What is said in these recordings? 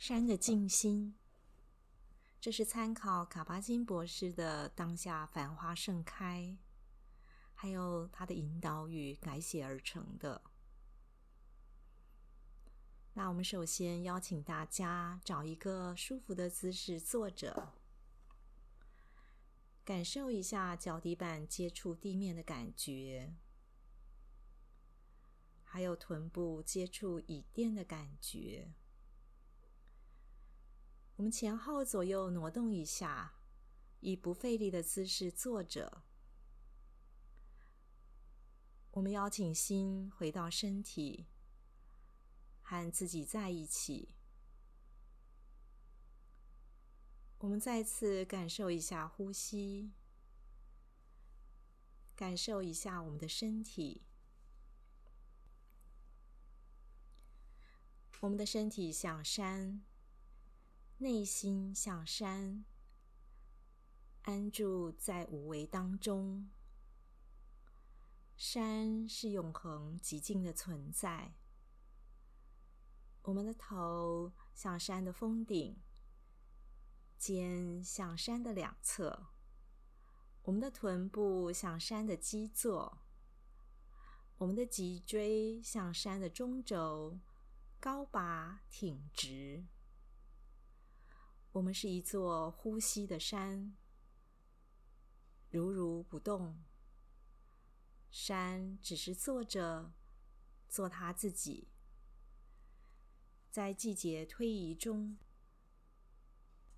山的靜心，這是參考卡巴金博士的《當下繁花盛開》，還有他的引導語改寫而成的。那我們首先邀請大家找一個舒服的姿勢坐着，感受一下腳底板接觸地面的感覺，還有臀部接觸椅墊的感覺。我們前後左右挪動一下，以不費力的姿勢坐着。我們邀請心回到身體，和自己在一起。我們再次感受一下呼吸，感受一下我們的身體。我們的身體像山。內心像山，安住在無為當中。山是永恆寂靜的存在。我們的頭像山的峰頂，肩像山的兩側，我們的臀部像山的基座，我們的脊椎像山的中軸，高拔挺直。我們是一座呼吸的山，如如不動。山只是坐着，做它自己，在季節推移中，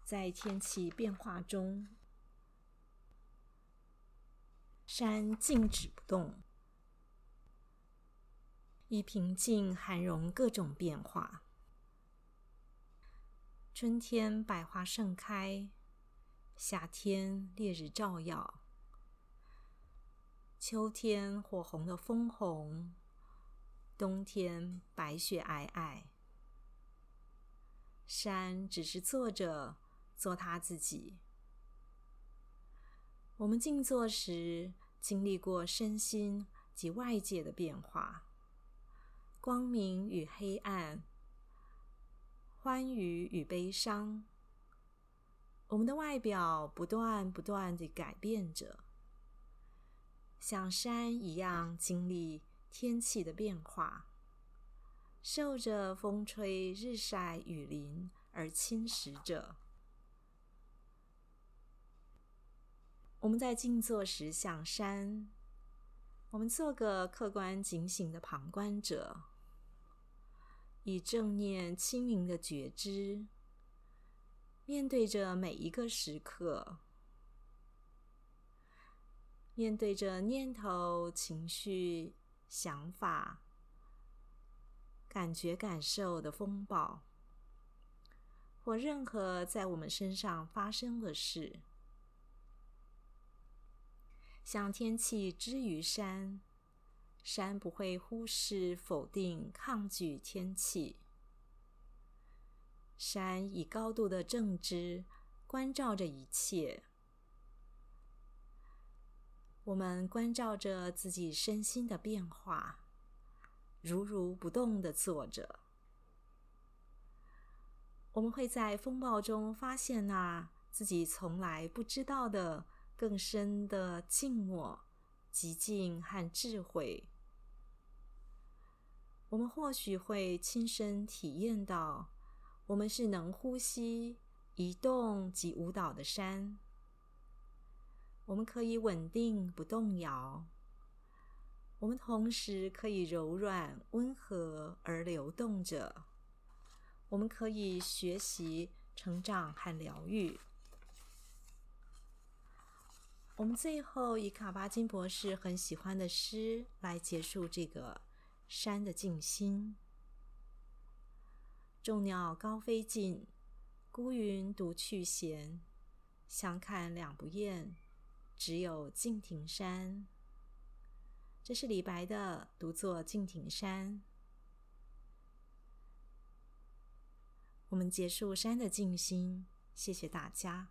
在天氣變化中，山靜止不動，以平靜涵容各種變化。春天百花盛開，夏天烈日照耀，秋天火紅的楓紅，冬天白雪皚皚。山只是坐着，做他自己。我們靜坐時，經歷過身心及外界的變化，光明與黑暗。歡愉與悲傷，我們的外表不斷不斷的改變着，像山一樣經歷天氣的變化，受着風吹日曬雨淋而侵蝕着。我們在靜坐時像山，我們做個客觀警醒的旁觀者。以正念清明的覺知，面對着每一個時刻，面對着念頭、情緒、想法、感覺、感受的風暴，或任何在我們身上發生的事，像天氣之於山。山不會忽視、否定、抗拒天氣。山以高度的正知關照着一切。我們關照着自己身心的變化，如如不動地坐著。我們會在風暴中發現那、啊、自己從來不知道的更深的靜默、寂靜和智慧。我們或許會親身體驗到，我們是能呼吸、移動及舞蹈的山。我們可以穩定不動搖，我們同時可以柔軟、溫和而流動着。我們可以學習、成長和療癒。我們最後以卡巴金博士很喜歡的詩來結束這個。山的靜心，眾鳥高飛盡，孤雲獨去閒。相看兩不厭，只有敬亭山。這是李白的《獨坐敬亭山》。我們結束山的靜心，謝謝大家。